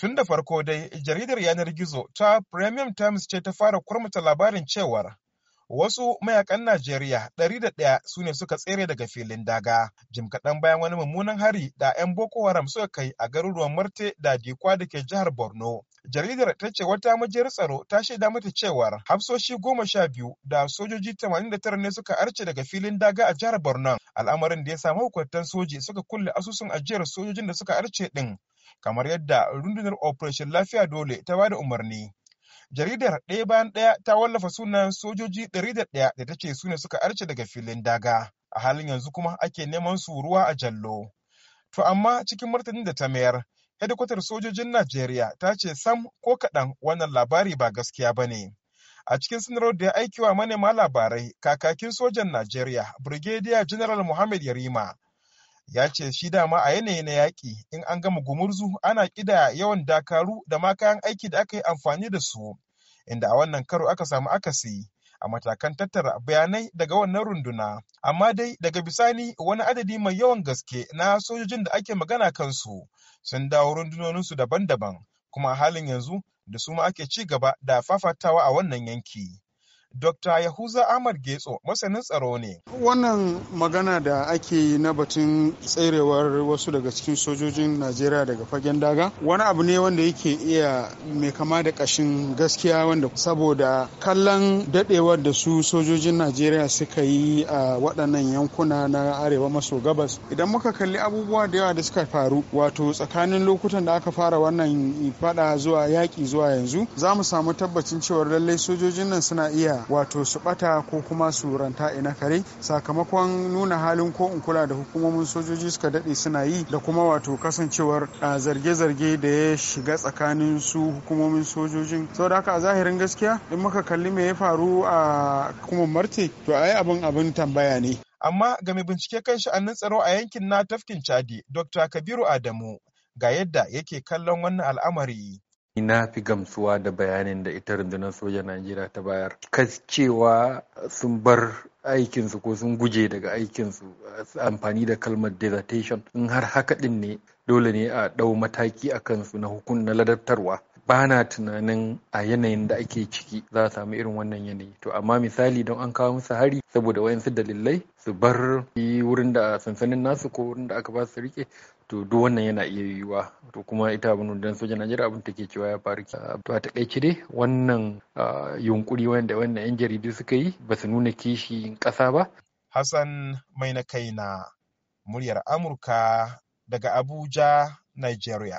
Tun da farko dai, jaridar yanar gizo ta Premium Times ce ta fara kurmuta labarin cewar wasu mayakan Najeriya ɗari da ɗaya su ne suka tsere daga filin daga. Jim kaɗan bayan wani mummunan hari da 'yan Boko Haram suka kai a garuruwan Marte da Dikwa da ke jihar Borno. Jaridar ta ce wata majiyar tsaro ta shaida mata cewar hafsoshi goma sha biyu da sojoji tamanin da tara ne suka arce daga filin daga a jihar Borno. Al'amarin da ya samu hukuntan soji suka kulle asusun ajiyar sojojin da suka arce ɗin kamar yadda rundunar Operation Lafiya Dole ta bada umarni. Jaridar ɗaya bayan ɗaya ta wallafa sunan sojoji ɗari da ɗaya da ta ce su ne suka arce daga filin daga. A halin yanzu kuma ake neman su ruwa a jallo. To amma cikin martanin da ta mayar, hedikwatar sojojin Najeriya ta ce sam ko kaɗan wannan labari ba gaskiya ba ne. A cikin sanarwar da ya aiki wa manema labarai, kakakin sojan Najeriya, Brigadier General Muhammad Yarima, ya ce shi dama a yanayi na yaƙi in an gama gumurzu ana ƙida yawan dakaru da ma kayan aiki da aka yi amfani da su inda a wannan karo aka samu akasi a matakan tattara bayanai daga wannan runduna amma dai daga bisani wani adadi mai yawan gaske na sojojin da ake magana kansu sun dawo rundunoninsu daban-daban kuma a halin yanzu da su ma ake ci gaba da fafatawa a wannan yanki Dr. Yahuza Ahmad Getso masanin tsaro ne. Wannan magana da ake yi na batun tserewar wasu daga cikin sojojin Najeriya daga fagen daga wani abu ne wanda yake iya mai kama da kashin gaskiya wanda saboda kallon dadewar da su sojojin Najeriya suka yi a waɗannan yankuna na arewa maso gabas. Idan muka kalli abubuwa da yawa da suka faru wato tsakanin lokutan da aka fara wannan fada zuwa yaƙi zuwa yanzu za mu samu tabbacin cewa lallai sojojin nan suna iya wato su bata ko kuma su ranta ina kare sakamakon nuna halin ko in kula da hukumomin sojoji suka daɗe suna yi da kuma wato kasancewar zarge-zarge da ya shiga tsakanin su hukumomin sojojin sau da haka a zahirin gaskiya in muka kalli me ya faru a hukumar marti to ai abin abin tambaya ne amma game bincike kan sha'anin tsaro a yankin na tafkin chadi dr kabiru adamu ga yadda yake kallon wannan al'amari na fi gamsuwa da bayanin da ita rundunar sojan najeriya ta bayar cewa sun bar aikinsu ko sun guje daga aikinsu amfani da kalmar desertation in har haka din ne dole ne a ɗau mataki a kansu na hukun na ladabtarwa ba na tunanin a yanayin da ake ciki za a samu irin wannan yanayi to amma misali don an kawo musu hari saboda wayansu dalilai su bar wurin da sansanin nasu ko wurin da aka ba su rike to duk wannan yana iya yiwuwa to kuma ita abin rundunar sojan najeriya abin take cewa ya faru to a takaice dai wannan yunkuri wanda wannan yan jaridu suka yi ba su nuna kishi ƙasa ba hassan mai na kai na muryar amurka daga abuja nigeria